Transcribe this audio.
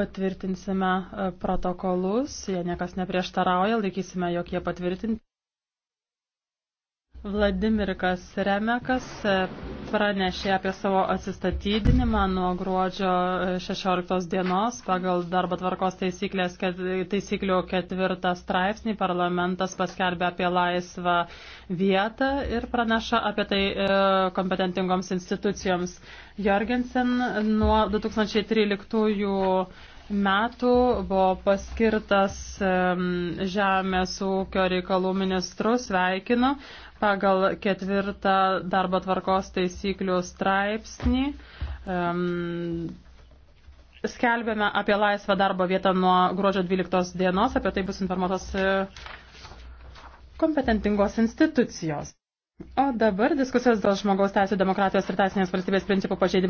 Patvirtinsime e, protokolus, jei niekas neprieštarauja, laikysime, jog jie patvirtinti. Vladimirikas Remekas e, pranešė apie savo atsistatydinimą nuo gruodžio 16 e, dienos. Pagal darbo tvarkos taisyklių ketvirtą straipsnį parlamentas paskelbė apie laisvą vietą ir praneša apie tai e, kompetentingoms institucijoms. Jorgensen nuo 2013 metų buvo paskirtas Žemės ūkio reikalų ministru, sveikinu, pagal ketvirtą darbo tvarkos taisyklių straipsnį. Skelbėme apie laisvą darbo vietą nuo gruodžio 12 dienos, apie tai bus informuotos e, kompetentingos institucijos. O dabar diskusijos dėl žmogaus teisų demokratijos ir teisinės valstybės principų pažeidimo.